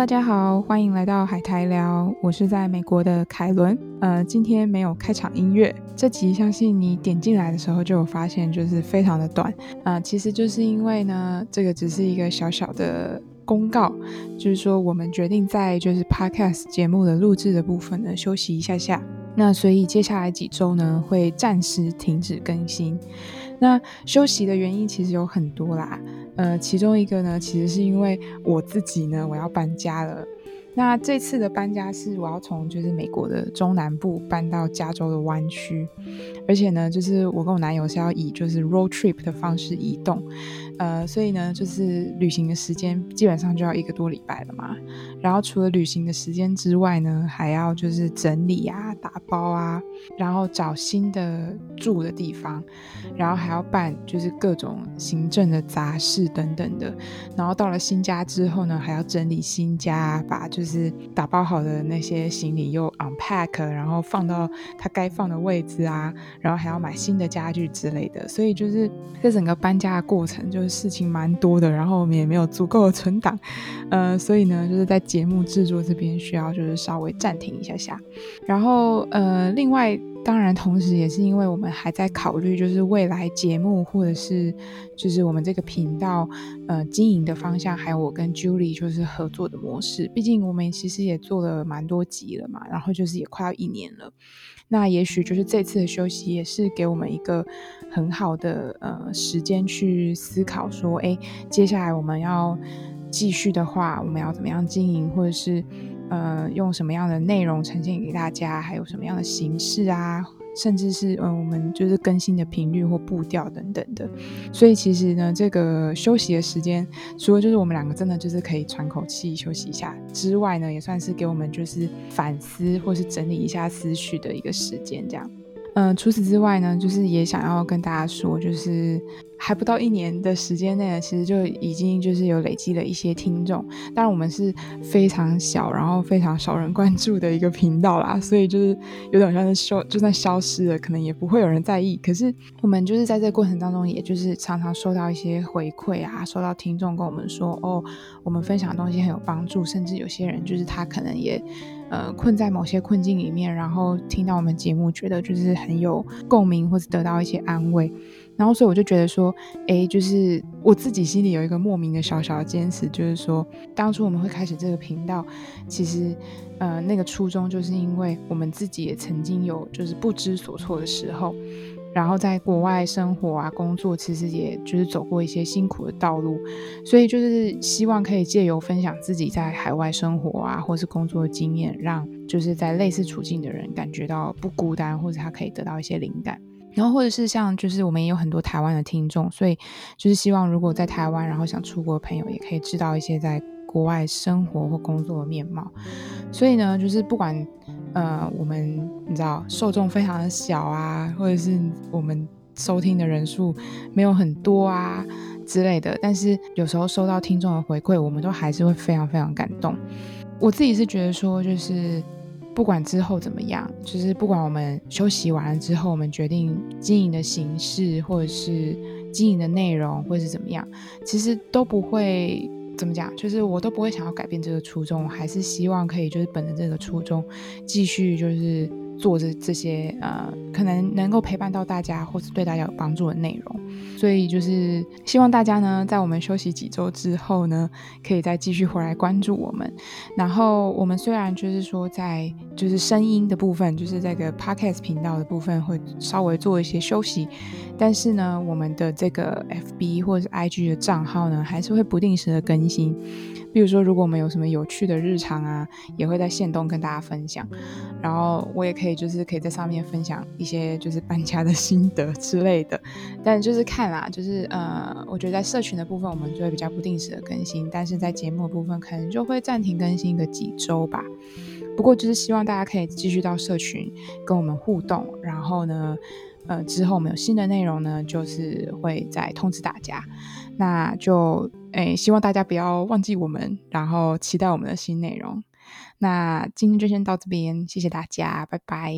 大家好，歡迎來到海苔聊。我是在美國的凱倫。呃，今天沒有開場音樂，這集相信你點進來的時候就有發現，就是非常的短。啊、呃，其實就是因為呢，這個只是一個小小的公告，就是說我們決定在就是 podcast 節目的錄制的部分呢，休息一下下。那所以接下來幾周呢，會暫時停止更新。那休息的原因其實有很多啦，呃，其中一個呢，其實是因為我自己呢，我要搬家了。那這次的搬家是我要從就是美國的中南部搬到加州的灣區，而且呢，就是我跟我男友是要以就是 road trip 的方式移動，呃，所以呢，就是旅行的時間基本上就要一個多禮拜了嘛。然後除了旅行的時間之外呢，還要就是整理啊、打包啊，然後找新的住的地方，然後還要辦就是各種行政的雜事等等的。然後到了新家之後呢，還要整理新家啊，把就是。就是打包好的那些行李又 unpack，然後放到他該放的位置啊，然後還要買新的家具之類的，所以就是這整個搬家的過程就是事情蠻多的，然後我們也沒有足夠的存檔，呃，所以呢，就是在節目製作這邊需要就是稍微暫停一下下，然後呃，另外。當然，同時也是因為我們還在考慮，就是未來節目或者是就是我們這個頻道呃經營的方向，還有我跟 Julie 就是合作的模式。畢竟我們其實也做了蠻多集了嘛，然後就是也快要一年了。那也許就是這次的休息也是給我們一個很好的呃時間去思考說，說哎，接下來我們要繼續的話，我們要怎麼樣經營，或者是。呃，用什麼樣的內容呈現給大家，還有什麼樣的形式啊，甚至是呃，我們就是更新的頻率或步調等等的。所以其實呢，這個休息的時間，除了就是我們兩個真的就是可以喘口氣休息一下之外呢，也算是給我們就是反思或是整理一下思緒的一個時間，這樣。嗯、呃，除此之外呢，就是也想要跟大家說，就是還不到一年的時間內呢，其實就已經就是有累積了一些聽眾。當然，我們是非常小，然後非常少人關注的一個頻道啦，所以就是有點像是消就算消失了，可能也不會有人在意。可是我們就是在這個過程當中，也就是常常收到一些回饋啊，收到聽眾跟我們說，哦，我們分享的東西很有幫助，甚至有些人就是他可能也。呃，困在某些困境裡面，然後聽到我們節目，覺得就是很有共鳴，或是得到一些安慰，然後所以我就覺得說，哎，就是我自己心裡有一個莫名的小小的堅持，就是說，當初我們會開始這個頻道，其實，呃，那個初衷，就是因為我們自己也曾經有就是不知所措的時候。然後在國外生活啊、工作，其實也就是走過一些辛苦的道路，所以就是希望可以借由分享自己在海外生活啊，或是工作的經驗，讓就是在類似處境的人感覺到不孤單，或者他可以得到一些靈感。然後或者是像就是我們也有很多台灣的聽眾，所以就是希望如果在台灣然後想出國的朋友，也可以知道一些在國外生活或工作的面貌。所以呢，就是不管。呃，我們你知道受眾非常的小啊，或者是我們收聽的人數沒有很多啊之類的，但是有時候收到聽眾的回饋，我們都還是會非常非常感動。我自己是覺得說，就是不管之後怎麼樣，就是不管我們休息完了之後，我們決定經營的形式，或者是經營的內容，或者是怎麼樣，其實都不會。怎麼講？就是我都不會想要改變這個初衷，我還是希望可以就是本着這個初衷，繼續就是做着這些呃，可能能夠陪伴到大家或是對大家有幫助的內容。所以就是希望大家呢，在我們休息幾周之後呢，可以再繼續回來關注我們。然後我們雖然就是說在。就是聲音的部分，就是這個 podcast 頻道的部分會稍微做一些休息，但是呢，我們的這個 FB 或者是 IG 的賬號呢，還是會不定時的更新。比如說，如果我們有什麼有趣的日常啊，也會在限動跟大家分享。然後我也可以就是可以在上面分享一些就是搬家的心得之類的。但就是看啦，就是呃，我覺得在社群的部分我們就會比較不定時的更新，但是在節目的部分可能就會暫停更新個幾週吧。不過就是希望大家可以繼續到社群跟我們互動，然後呢，呃，之後我們有新的內容呢，就是會再通知大家。那就，誒、哎，希望大家不要忘記我們，然後期待我們的新內容。那今天就先到這邊，謝謝大家，拜拜。